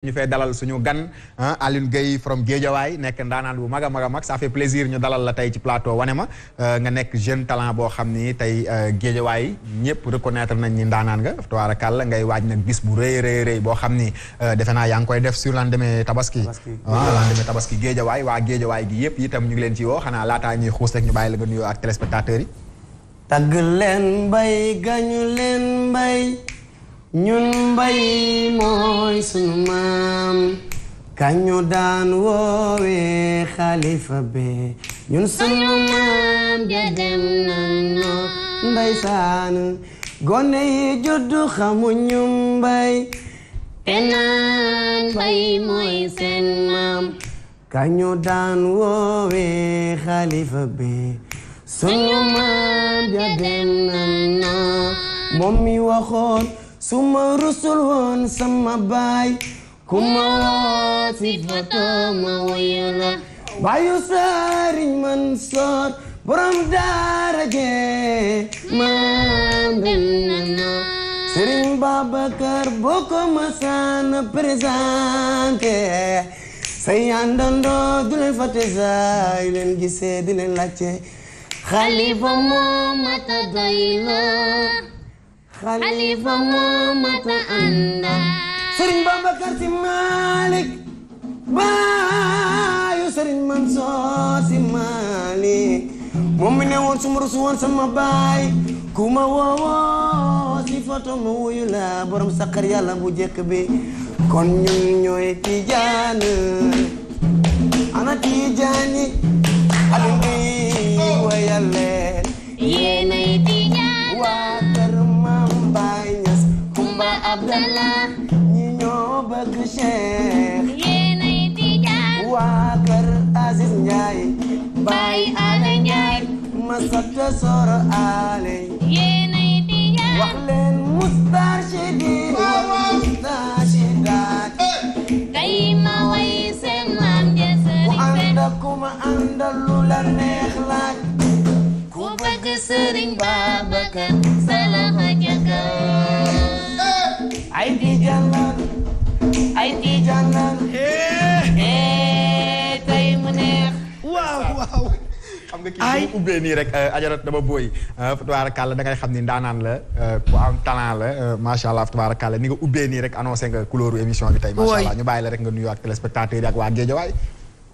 ñu fee dalal suñu gan Alioune Gueye from Guédiawaye nekk ndaanaan bu mag a mag a mag ça fait plaisir ñu dalal la tey ci plateau Wanema euh, nga nekk jeune talent boo xam ni tey euh, Guédiawaye ñëpp reconnaître nañ ni ndaanaan nga tubaarkàlla ngay waaj nag bis bu rëy rëy boo xam ni euh, defe naa yaa ngi koy def sur lendemain tabaski waaw ah, lendemain tabaski Guédiawaye waa Guédiawaye gi yëpp itam ñu ngi leen ci woo xanaa laataa ñuy xuus ñu bàyyi la nga nuyoo ak téléspectateurs yi tagg leen ñun mbay mooy sunu maam kañu daan woowe xalifa be ñun sunu maam ja dem nañu ndeysaan gone yi juddu xamu ñun mbay penaan mbay mooy seen maam kañu daan woowe xalifa be sunu maam ja dem nañu moom mi waxoon suma rusul woon sama baay kuma woo si foto ma wuyu la baayu Sëriñ Mansoor borom daara jee maam benna Sëriñ Babacar boo ko masaana présenté say àndandoo du leen fàtte saa yu leen gisee leen laajte xalifa moo mata doy la xalifa moo mata ànda sëriñ Babacar Si Malick baayu sëriñ Mansoor Si moom mi ne woon suma rusu woon sama baay ku ma woowoo si foto ma wuyu la borom sakar bu jëkk bi kon ñun ñooy tijaan ana tijaan yi alim bi wayaleen Abdallah ñi ñoo bëgg Cheikh yéenay tijaan waa kër Aziz Ndiaye Baye Ala Ndiaye Masata Soro Ale yéenay tijaan wax leen mustarshidin wa mustarshidaat kay ma way seen maam jësëri ku ànd ak ku ma àndal lu la neex laaj ku bëgg Sëriñ Babacar xam nga kii bi mu nii rek eh, ajarat dama booy eh, tabaarakàlla da ngay xam ni ndaanaan la eh, ku am la macha allah tabaarakàlla ni nga ubbee nii rek annoncé nga couleur émission bi tey macha allah ñu bàyyi la rek nga nuyoo ak téléspectateurs yi ak waa Géejawaay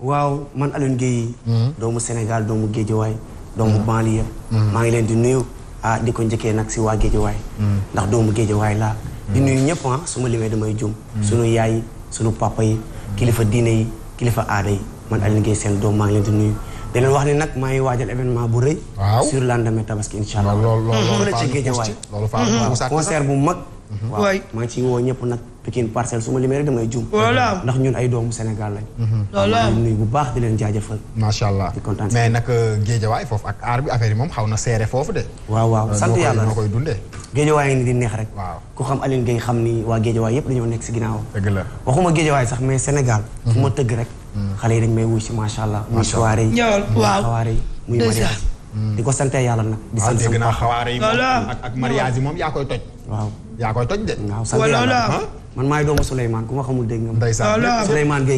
waaw man Alioune hmm. doomu Sénégal doomu Géejawaay doomu hmm. banlieue hmm. maa ngi leen di nuyu ah di ko njëkkee nag si waa waay ndax doomu géeje waay laa di nuyu ñëpp ah su ma limee damay jum sunu yaay sunu papa yi kilifa diine yi kilifa aada yi man Alioune Guèye seen doom maa ngi leen di nuyu di leen wax ni nag maa ngi waajal événement bu rëy. waaw sur lendemain tabaski incha allah. Mm-hmm. bu mag. Mm-hmm. waaw maa ngi ñëpp nag Pikine parcelle su ma limee rek damay juum. voilà ndax ñun ay doomu Sénégal lañ. Mm-hmm. voilà nuyu bu baax di leen jaajëfal. macha allah mais nag euh, géejawaay foofu ak aar bi affaire moom xaw na seere foofu de. waaw waaw euh, sant yàlla noo koy dundee. géejawaay ngi di neex rek. waaw ku xam Aline Gueye xam ni waa géejawaay yëpp dañoo nekk si ginnaaw. dëgg la waxuma géejawaay sax mais Sénégal. fu ma tëgg rek. xale yi dañ may wuy si macha allah. muy soirée yi muy xawaare yi muy mariage mm. di ko sante yàlla nag. di sant ah, sama papa xawaare yi moom ak ak mariage man maay doomu Souleymane ku ma nga. ndeysaan Souleymane hmm.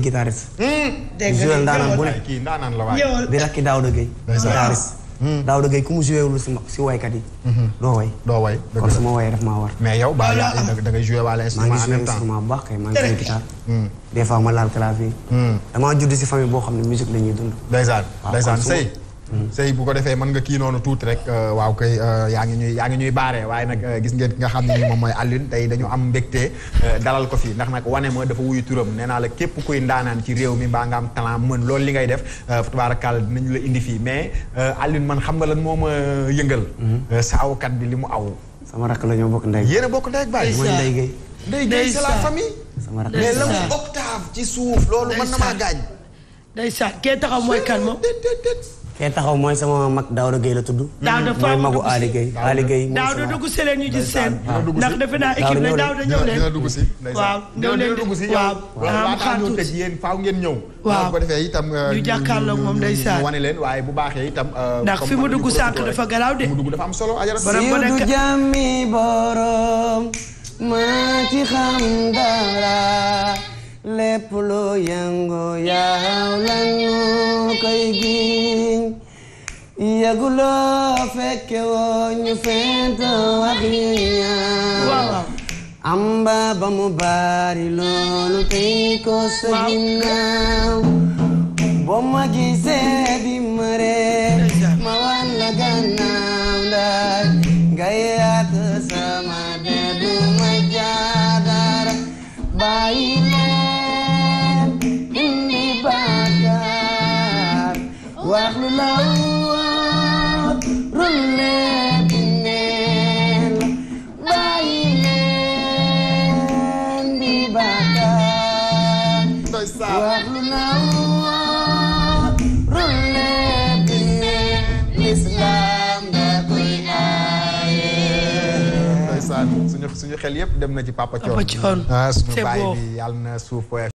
kii ndaanaan la waay. di rakki Daouda Gueye Daouda Gueye ku mu joué wul si si waykat yi. Mhm. doo way doo way dëgg la ma war. mais yow ba yaa da ngay joué wala instrument en maa baax kay maa ngi joué guitare. Hmm. ma laal clavier. Hmm. damaa judd si famille boo xam ne musique la ñuy dund. ndeysaan ndeysaan sëy Mm. sëy bu ko defee mën nga kii noonu tuuti rek euh, waaw kay euh, yaa ngi ñuy yaa ngi ñuy baaree waaye nag euh, gis ngeen ki nga xam ne ni moom mooy Alioune tey dañu am mbégte dalal ko fii ndax nag wane ma dafa wuyu turam nee naa la kuy ndaanaan ci réew mi mbaa nga am talent mën loolu li ngay def tabaarakàlla dinañu la indi fii mais Alioune man xam nga lan moo ma yëngal mm. saawkat bi li mu aw sama rakk la ñoo bokk ndey yéen a bokk ndey ak baay mooy ndey gay ndey gay c'est la famille sama rakk mais la mu octave ci suuf loolu mën na maa gaañ ndeysaan kee taxaw mooy kan moom kee taxaw mooy sama mag Daouda Gueye la tudd. Daouda faaw mooy magu Ali Gueye. Ali Gueye mooy sama Daouda dugg si leen ñu gis seen. ndax defe naa équipe ne Daouda ñëw leen dina dugg si. waaw ñëw leen dugg si waaw. waaw xaar tuuti waaw yéen faaw ngeen ñëw. waaw ko defee itam. ñu euh, jàkkaarloog moom ndeysaan wane leen waaye bu baaxee itam. Euh, ndax fi mu dugg sànq dafa garaaw de. mu dugg dafa am solo ajara. siiw du jàmmi borom maa ci xam dara. lépp lu yëngu yaaw lañu koy giñ yëguloo fekke woo ñu fent wax ñaaw amba ba mu baari loolu tey ko sa ginnaaw boo ma gisee suñu suñu xel yëpp dem na ci Papa Thione ah suñu baay bi na suuf